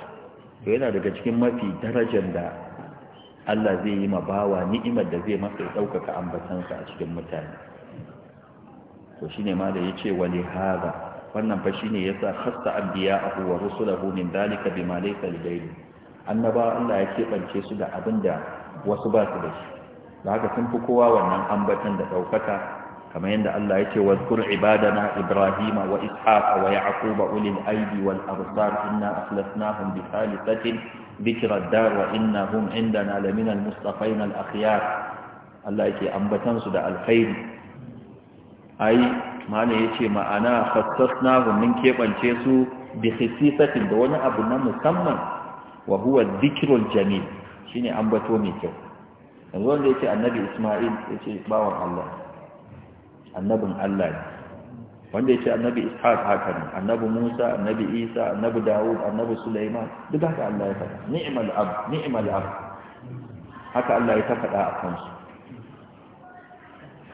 to yana daga cikin mafi darajar da Allah zai yi ma bawa ni'imar da zai masa ɗaukaka ɗaukaka ambatansa a cikin mutane to shine ma da yace wali hada wannan fa shine yasa khassa anbiya'ahu wa rusulahu min dalika bima laysa lidayni annaba Allah ya kebance su da abinda wasu ba su da shi da haka sun fi kowa wannan ambatan da ɗaukaka kamar yadda Allah ya ce wa zkur ibadana ibrahima wa ishaqa wa yaquba ulil aidi wal absar inna aflasnahum bi salisatin dhikra dar wa innahum indana lamina al mustafain al akhyar Allah yake ambatan su da alkhairi ai mana yace ma'ana khassasnahum min kebance su bi khisisatin da wani abu na musamman wa huwa dhikrul jamil Shi ne ambato mai kyau yanzu wanda ya ce annabi Isma'il ya ce bawan Allah annabin Allah ne wanda ya ce annabi Ishaq haka ne annabi Musa annabi Isa annabi Dawud annabi Sulaiman duk haka Allah ya faɗa ni'mal abd ni'mal abd haka Allah ya ta faɗa a kansu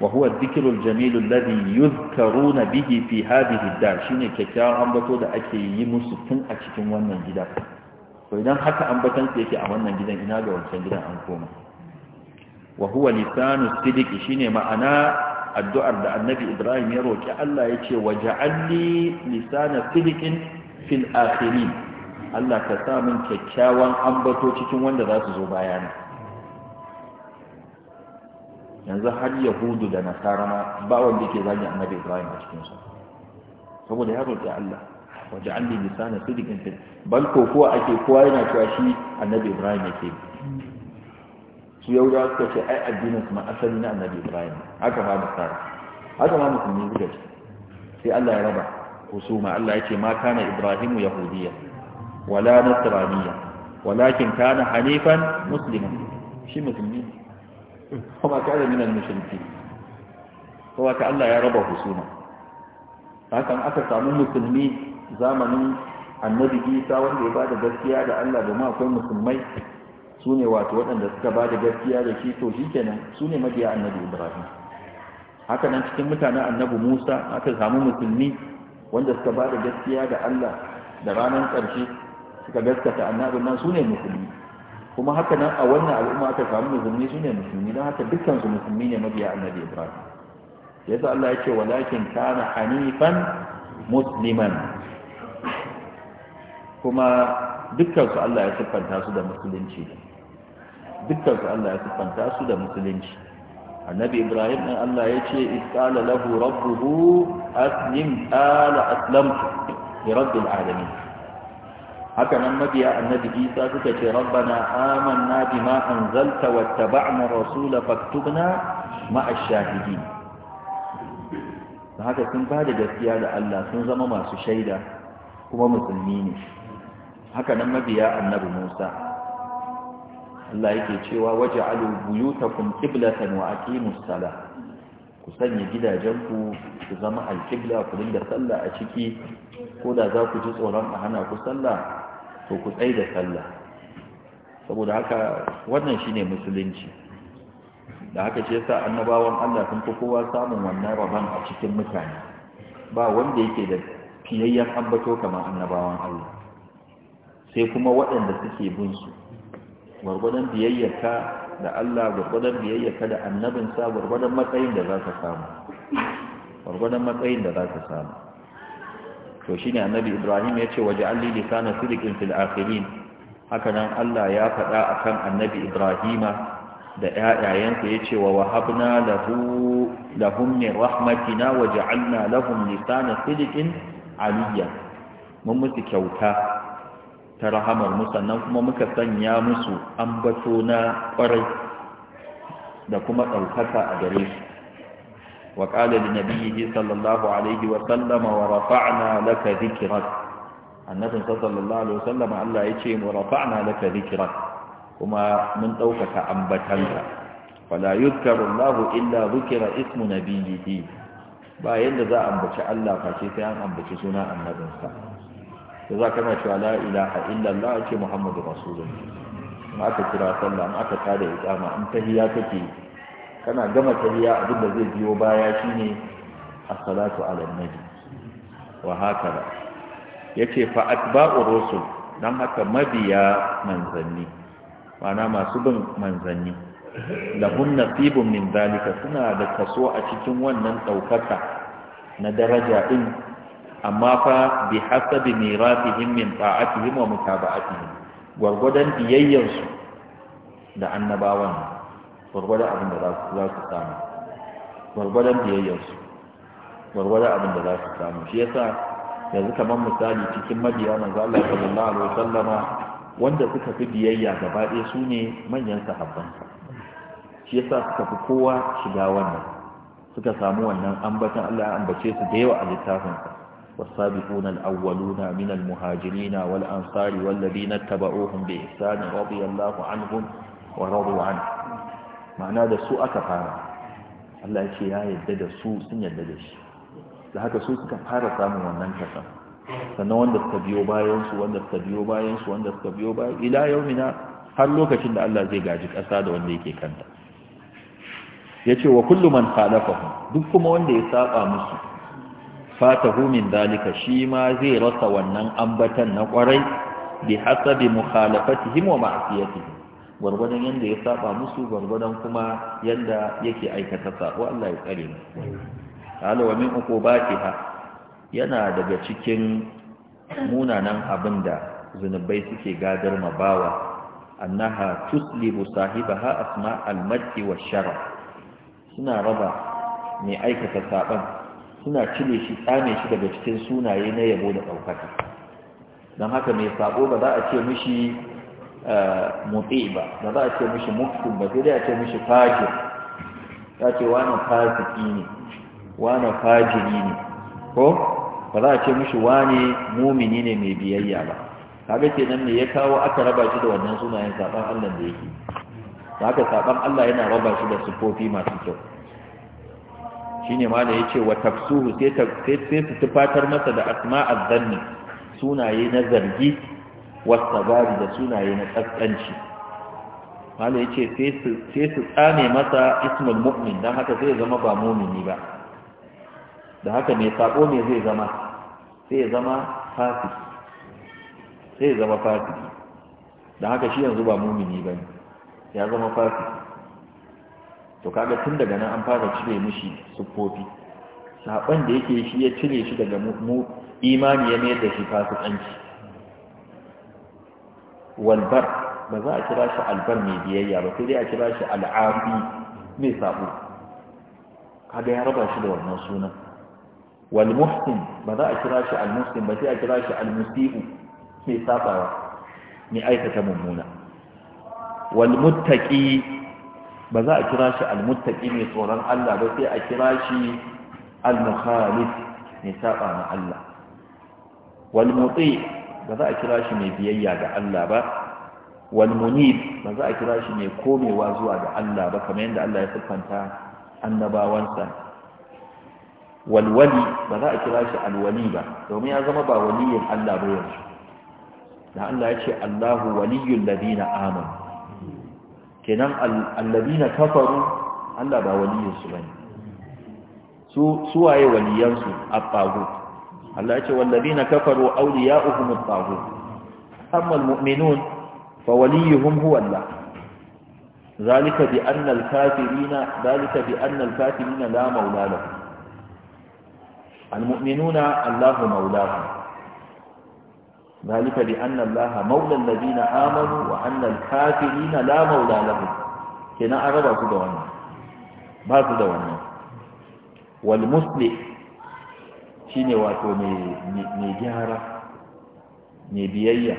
وهو الذكر الجميل الذي يذكرون به في هذه الدار shine kyakkyawan ambato da ake yi musu tun a cikin wannan gida Ko idan haka an su yake a wannan gidan ina ga wancan gidan an koma wa huwa lisanu sidiki shine ma'ana addu'ar da annabi ibrahim ya roki Allah ya ce wa ja'alli lisana sidikin fil akhirin Allah ka sa min kyakkyawan ambato cikin wanda za su zo bayana yanzu har yahudu da nasara ma ba wanda yake zagi annabi ibrahim a cikin su saboda ya roƙi Allah da lisana sidqin fil bal ko kuwa ake kuwa yana cewa shi annabi ibrahim yake su yahudawa suka ce ai addinin kuma asali na annabi ibrahim aka ma nasara haka ma musulmi suka ce sai Allah ya raba husuma Allah ya ce ma kana ibrahimu Yahudiya, wala nasraniyya walakin kana hanifan musliman shi musulmi kuma kana min al-mushriki kuma ka Allah ya raba husuma hakan aka samu musulmi zamanin annabi isa wanda ya bada gaskiya da allah domin akwai musulmai su ne wato waɗanda suka bada gaskiya da shi to shi kenan su ne mabiya annabi ibrahim haka nan cikin mutanen annabi musa aka samu musulmi wanda suka bada gaskiya da allah da ranar ƙarshe suka gaskata annabin nan su ne musulmi kuma haka nan a wannan al'umma aka samu musulmi su ne musulmi don haka dukkansu musulmi ne mabiya annabi ibrahim yasa allah ya ce walakin kana hanifan musliman kuma dukkansu Allah ya siffanta su da musulunci dukkansu Allah ya siffanta su da musulunci annabi ibrahim ɗin Allah ya ce isƙala lahu rabbuhu aslim ƙala aslamtu li rabbil alamin haka nan mabiya annabi isa suka ce rabbana amanna bima anzalta wattaba'na rasula faktubna ma'a shahidin haka sun ba da gaskiya da Allah sun zama masu shaida kuma musulmi ne haka nan mabiya annabi Musa Allah yake cewa waj'alu buyutakum qiblatan wa aqimus salah ku sanya gidajenku ku zama alqibla ku dinga sallah a ciki ko da za ku ji tsoron a hana ku sallah to ku tsai da sallah saboda haka wannan shine musulunci da haka ce yasa annabawan Allah sun fi kowa samun wannan rabon a cikin mutane ba wanda yake da fiyayyen ambato kamar annabawan Allah sai kuma waɗanda suke bin su gwargwadon biyayyarka da Allah gwargwadon biyayyarka da annabinsa gwargwadon matsayin da za ka samu gwargwadon matsayin da za ka samu to shi ne annabi Ibrahim ya ce waje alli lisana sidiqin fil akhirin haka nan Allah ya faɗa akan annabi Ibrahima da ‘ya'yayensa ya ce wa wahabna lahum min rahmatina wa ja'alna lahum lisana sidiqin aliyya mun musu kyauta ta rahamar mu sannan kuma muka sanya musu ambato na ƙwarai da kuma ɗaukaka a gare su wa qala li nabiyyi sallallahu alaihi wa sallama wa rafa'na laka dhikrak annabin sallallahu alaihi wa sallama Allah ya ce mu rafa'na laka dhikrak kuma mun ɗaukata ambatanka wala yuzkaru Allah illa dhukira ismu nabiyyihi ba yanda za a ambaci Allah face sai an ambaci sunan annabinsa da za kana cewa la ilaha illallah ce muhammadu rasulullah in aka kira sallah in aka tada iqama in tahiyya kake kana gama tahiya abin da zai biyo baya shine as-salatu ala nabi wa Ya yace fa atba'u rusul dan haka mabiya manzanni Mana masu bin manzanni lahun nasibun min zalika suna da kaso a cikin wannan ɗaukaka na daraja ɗin amma fa bi hasabi miratihim min ta'atihim wa mutaba'atihim gwargwadon biyayyarsu da annabawan gwargwadon abin da za su samu gwargwadon biyayyarsu gwargwadon abin da za su samu shi yasa yanzu kamar misali cikin mabiya manzo Allah sallallahu alaihi wasallama wanda suka fi biyayya gaba ɗaya su ne manyan sahabbansa shi yasa suka fi kowa shiga wannan suka samu wannan ambatan Allah ya ambace su da yawa a littafinsa والسابقون الأولون من المهاجرين والأنصار والذين اتبعوهم بإحسان رضي الله عنهم ورضوا عنه معنى ده سوء كفارة الله يشي يا يدد سوء سن يددش لهذا سوء كفارة سامو ونن كسام sannan wanda suka biyo bayansu wanda suka biyo bayansu wanda suka biyo bayan ila yaumina har lokacin da Allah zai gaji ƙasa da wanda yake kanta ce wa kullu man duk kuma wanda ya saba musu fatahu min dalika shi ma zai rasa wannan ambatan na kwarai bi hasabi mukhalafatihim wa ma'siyatihim gwargwadon yanda ya saba musu gwargwadon kuma yanda yake aikata sabo Allah ya kare mu qala wa min uqubatiha yana daga cikin munanan abinda zunubai suke gadar ma bawa annaha tuslibu sahibaha asma al-madhi wa sharaf suna raba mai aikata saban suna cile shi tsame shi daga cikin sunaye na yabo da ɗaukaka don haka mai sabo ba za a ce mishi eh, Motsi ba ba za a ce mishi muftin ba sai dai a ce mishi fajir ta ce wane fasiki ne wani fajiri ne ko ba za a ce mishi wani mumini ne mai biyayya ba kaga kenan me ya kawo aka raba shi da wannan sunayen saɓan Allah da yake haka saɓan Allah yana raba shi da sufofi masu kyau Shi ne ma da ce wa tafsuhu sai su tufatar masa da a zanni sunaye na zargi wasabari da sunaye na tsakanci mala ya ce sai su tsane masa ismul mu'min don haka zai zama ba mu'mini ba da haka mai sako ne zai zama sai zama fasiki sai zama fasiki don haka shi yanzu ba mu'mini ne, ya zama fasiki to kaga tun daga nan an fara cire mishi siffofi saban da yake shi ya cire shi daga mu imani ya mayar da shi fasikanci walbar ba za a kira shi albar mai biyayya ba sai dai a kira shi al'afi mai sabo kaga ya raba shi da wannan sunan walmuhsin ba za a kira shi almuhsin ba sai a kira shi almusihu mai sabawa mai aikata mummuna walmuttaqi ba za a kira shi almuttaki mai tsoron Allah ba sai a kira shi almukhalif mai saba na Allah wal ba za a kira shi mai biyayya ga Allah ba wal ba za a kira shi mai komewa zuwa ga Allah ba kamar yadda Allah ya siffanta annabawansa Walwali ba za a kira shi alwali ba domin ya zama ba waliyin Allah ba yanzu da Allah ya ce Allahu waliyul ladina amanu kenan alladina kafaru Allah ba waliyin ba bane su waye waliyan su at Allah ya ce walladina kafaru awliya'uhum at-taghut amma al-mu'minun fa waliyuhum huwa Allah ذلك بأن الكافرين ذلك بأن الكافرين لا مولى لهم المؤمنون الله مولاهم ذلك بأن الله مولى الذين آمنوا وأن الكافرين لا مولى لهم كنا أغبى سدوانا ما سدوانا والمسلم شيني واتو نجارة نبيئة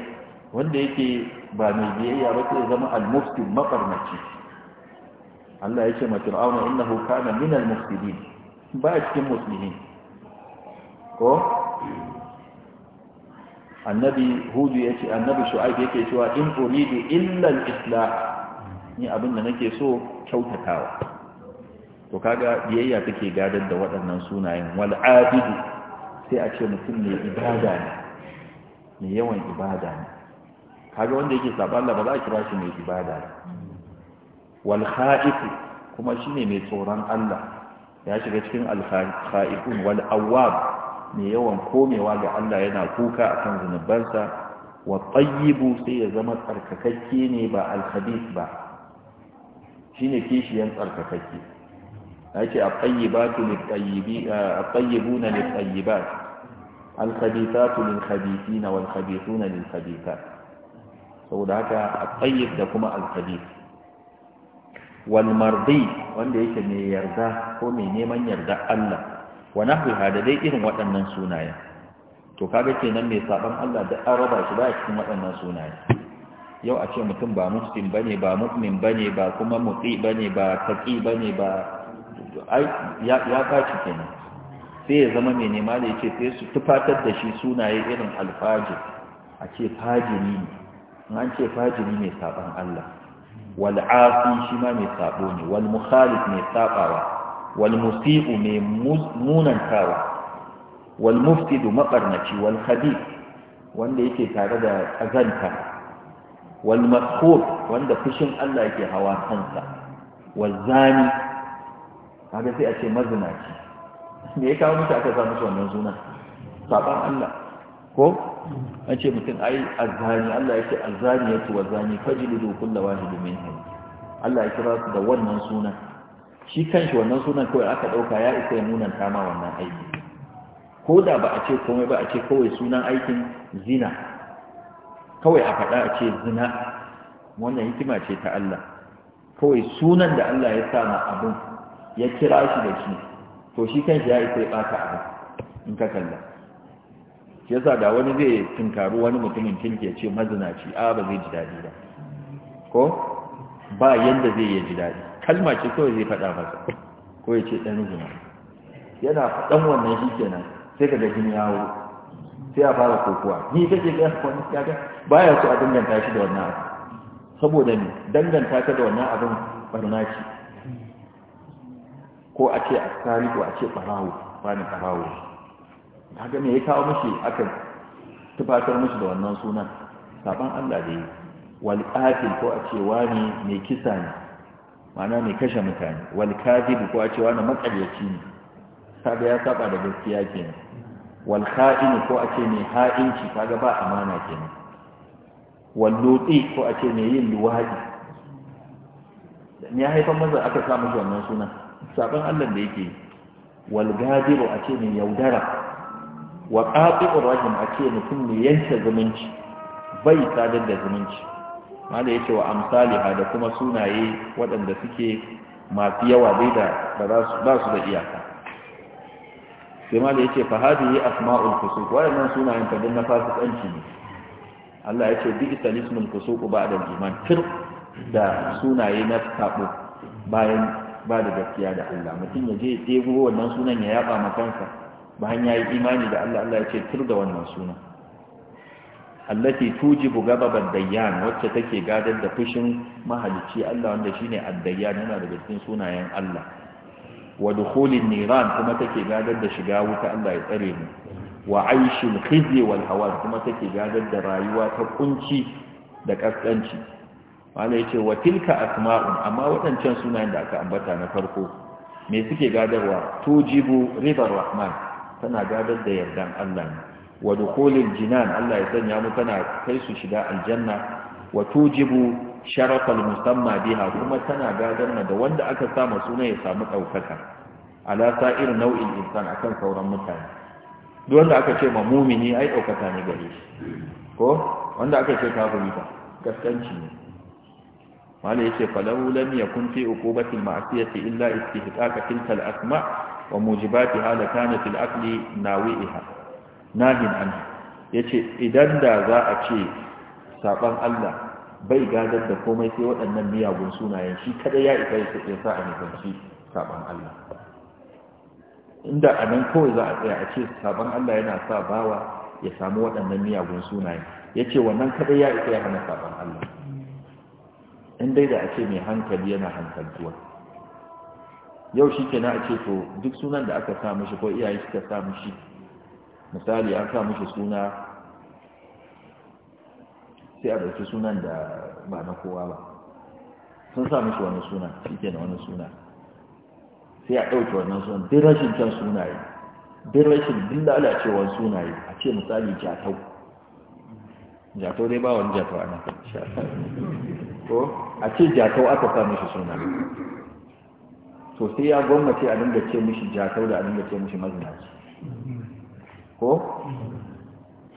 wanda yake ba mai biyayya ba sai zama al-mufsid mafarnaci Allah ce ma Fir'auna innahu kana min al-mufsidin ba cikin muslimin ko annabi hudu ya ce annabi shu'aib yake cewa in uridu illa al-islah ni abin da nake so kyautatawa to kaga biyayya take gadar da waɗannan sunayen wal abidu sai a ce mutum mai ibada ne yawan ibada ne kaga wanda yake saba Allah ba za a kira shi mai ibada ne wal khaifu kuma shine mai tsoron Allah ya shiga cikin al khaifun wal awwab mai yawan komewa ga Allah yana kuka a kan zunubansa wa tayyibu sai ya zama tsarkakakke ne ba al-khabith ba shine kishiyan tsarkakakke yace at-tayyibatu lit-tayyibi at-tayyibuna lit-tayyibat al-khabithatu na khabithina na khabithuna lil sau da haka a tayyib da kuma al-khabith wal wanda yake mai yarda ko mai neman yarda Allah wa nahwiha da dai irin waɗannan sunayen to kaga kenan mai saban Allah da an raba shi baya cikin waɗannan sunaye yau a ce mutum ba muslim bane ba mu'min bane ba kuma mutsi bane ba taqi bane ba ai ya ya kaci kenan sai ya zama mai nema da yace sai su tufatar da shi sunaye irin alfajir a ce fajiri ne in an ce fajiri mai sabon Allah Wal'afi asi shi ma mai sabo ne wal mukhalif mai saɓawa. Walmusi'u mai munantawa wal muftidu mabarnaci wal khabith wanda yake tare da kazanta wal wanda fushin Allah yake hawa kansa wal Haka sai a ce mazinaci me ya kawo musu aka sa musu wannan sunan Saɓan Allah ko an ce mutum ai azzani Allah ya ce azzani ya ce wa zani fajlidu kullu wahidin minhum Allah ya kira su da wannan sunan shi kanshi wannan sunan kawai aka ɗauka ya isa ya munan kama wannan aiki ko da ba a ce komai ba a ce kawai sunan aikin zina kawai a faɗa a ce zina wannan hikima ce ta Allah kawai sunan da Allah ya sa ma abin ya kira shi da shi to shi kanshi ya isa ya ɓata abin in ka kalla shi yasa da wani zai tunkaru wani mutumin tinke ce mazinaci a ba zai ji daɗi ba ko ba yadda zai yi ji daɗi kalma ce kawai zai faɗa masa ko ya ce ɗan zina yana faɗan wannan shi kenan sai ka ga jini ya wuri sai a fara kokowa ni ke ga wani kaga baya so a danganta shi da wannan abu saboda ne danganta ka da wannan abin barna ce ko a ce askari ko a ce ɓarawo wani ɓarawo kaga me ya kawo mishi aka tufatar mishi da wannan sunan saban Allah da yi wal qatil ko a ce wani mai kisa ne ma'ana mai kashe mutane wal kadhibu ko a wani matsalaci ne kaga ya saba da gaskiya ke kenan wal ne ko a ce mai ha'inci kaga ba amana ke wal luti ko a ce mai yin luwadi ya haifan maza aka sa mishi wannan suna sabon Allah da yake wal gadiru a ce mai yaudara wa qati'ur rahim a ce mutum mai yanke zumunci bai sadar da zumunci malai ce wa amsaliha da kuma sunaye waɗanda suke masu yawa dai da ba su da iyaka sai malai yace fa yi asma'ul fusuq waɗannan sunayen fa na fasikanci ne Allah ya yace bi isalismul ba da iman tur da sunaye na sabo bayan ba da gaskiya da Allah mutum ya je ya ɗebo wannan sunan ya yaba ma kansa bayan ya yi imani da Allah Allah ya ce tur da wannan sunan allati tujibu gababan dayyan wacce take gadar da fushin mahalicci Allah wanda shine ad-dayyan yana daga cikin sunayen Allah wa dukhulin niran kuma take gadar da shiga wuta Allah ya tsare mu wa aishil khizyi wal hawan kuma take gadar da rayuwa ta kunci da kaskanci wala yace wa tilka asma'un amma wadancan sunayen da aka ambata na farko me suke gadarwa tujibu ridar rahman tana gadar da yardan Allah ne wa dukhulil jinan Allah ya sanya mu tana kai su shiga aljanna wa tujibu sharafal musamma biha kuma tana gadar da wanda aka samu suna ya samu daukaka ala sa'ir nau'in insan akan sauran mutane duk wanda aka ce ma mumini ai daukaka ne gare shi ko wanda aka ce kafiri ba gaskanci ne wala yace falau lam yakun fi uqubati ma'siyati illa istihqaq tilka al-asma wa mujibatiha la kanat al-aqli nawi'iha nahin an yace idan da za a ce saban Allah bai gadar da komai sai waɗannan miyagun sunayen shi kada ya isa ya sa a nufanci saban Allah inda a nan kawai za a tsaya a ce saban Allah yana sa bawa ya samu waɗannan miyagun sunayen yace wannan kada ya isa ya hana saban Allah in dai da a ce mai hankali yana hankaltuwa yau shi kenan a ce to duk sunan da aka sa mishi ko iyaye suka sa mishi misali an sa mishi suna sai a ɗauki sunan da ba na kowa ba sun sa mishi wani suna shi ke wani suna sai a ɗauki wannan sunan duk rashin can sunaye duk rashin duk lalacewar sunaye a ce misali jatau jatau dai ba wani jatau ana ko a ce jatau aka sa mishi suna to sai ya gwamnati a dinga ce mishi jatau da a dinga ce mishi mazinaci ko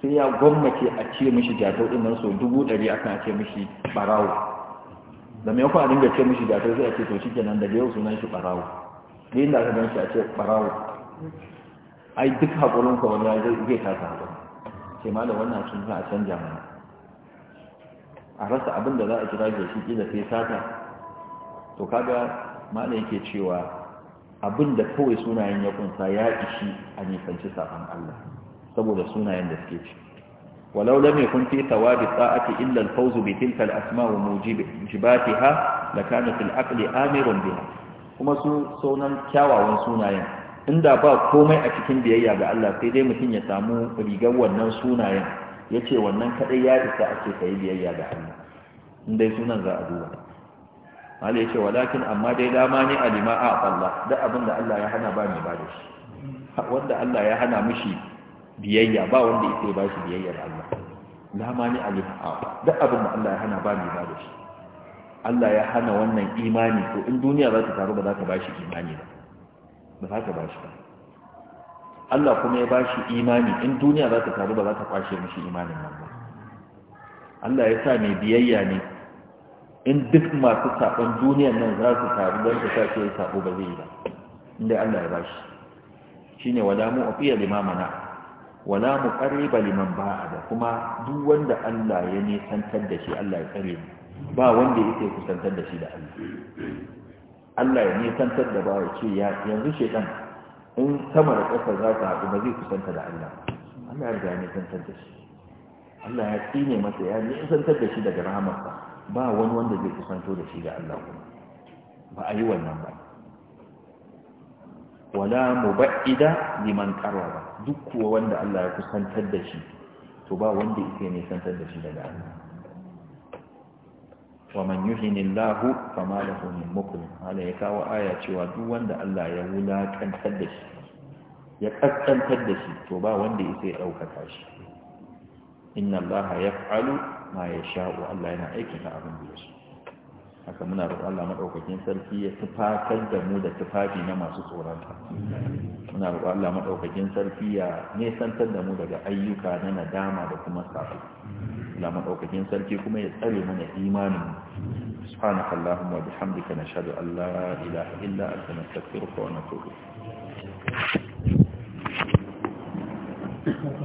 sai ya gwamnati a ce mishi jatau ɗin nan so dubu ɗari kan a ce mishi ɓarawo da mai kwa a dinga ce mishi jatau sai a ce to shi nan daga yau sunan shi ɓarawo da da aka gan shi a ce ɓarawo ai duk haƙurin ka wani zai kasa haƙuri sai ma da wannan sun za a canja mana a rasa abin da za a kira da shi ƙila sai sata to kaga ma yake cewa abin da kawai sunayen ya kunsa ya ishi a nisanci saban Allah saboda sunayen da suke ci walau lam yakun fi thawabi sa'ati illa al-fawz bi tilka al-asma' wa mujibatiha lakana fil amirun biha kuma su sunan kyawawan sunayen inda ba komai a cikin biyayya ga Allah sai dai mutum ya samu rigar wannan sunayen yace wannan kadai ya isa ake kai biyayya ga Allah indai sunan za a duba Allah ya ce walakin amma dai dama ne a lima a abin da abinda Allah ya hana ba mai ba da shi wanda Allah ya hana mishi biyayya ba wanda ya yake ba shi biyayya da Allah dama ne alima a duk abin da Allah ya hana ba mai ba da shi Allah ya hana wannan imani ko in duniya za ta taru ba za ka ba shi imani ba ba za ka ba shi ba Allah kuma ya ba shi imani in duniya za ta taru ba za ta kwashe mishi imanin nan ba Allah ya sa mai biyayya ne in duk masu saɓon duniyan nan za su taru don su sake ya saɓo ba zai yi ba inda Allah ya bashi shi ne wala mu ofiya limamana wala mu ƙarriba liman ba da kuma duk wanda Allah ya nisantar da shi Allah ya tsare mu ba wanda ya ke kusantar da shi da Allah Allah ya nisantar da ba ya ce yanzu shekan in sama da ƙasa za ta haɗu ba zai kusanta da Allah Allah ya riga ya nisantar da shi Allah ya tsine masa ya nisantar da shi daga rahamarsa ba wani wanda zai kusanto da shi ga Allah ba a yi wannan ba wala muba'ida liman qarraba duk kuwa wanda Allah ya kusantar da shi to ba wanda yake ne kusantar da shi daga Allah wa man yuhinillahu fama lahu min mukrim hala ya kawo aya cewa duk wanda Allah ya wulakantar da shi ya kaskantar da shi to ba wanda yake daukaka shi inna Allah yaf'alu ma ya sha'u Allah yana aikata abin da ya so haka muna roƙon Allah maɗaukakin sarki ya tufatar da mu da tufafi na masu tsoronta muna roƙon Allah maɗaukakin sarki ya nesantar da mu daga ayyuka na nadama da kuma safi Allah maɗaukakin sarki kuma ya tsare mana imanin سبحانك اللهم وبحمدك نشهد أن لا إله إلا أنت نستغفرك ونتوب إليك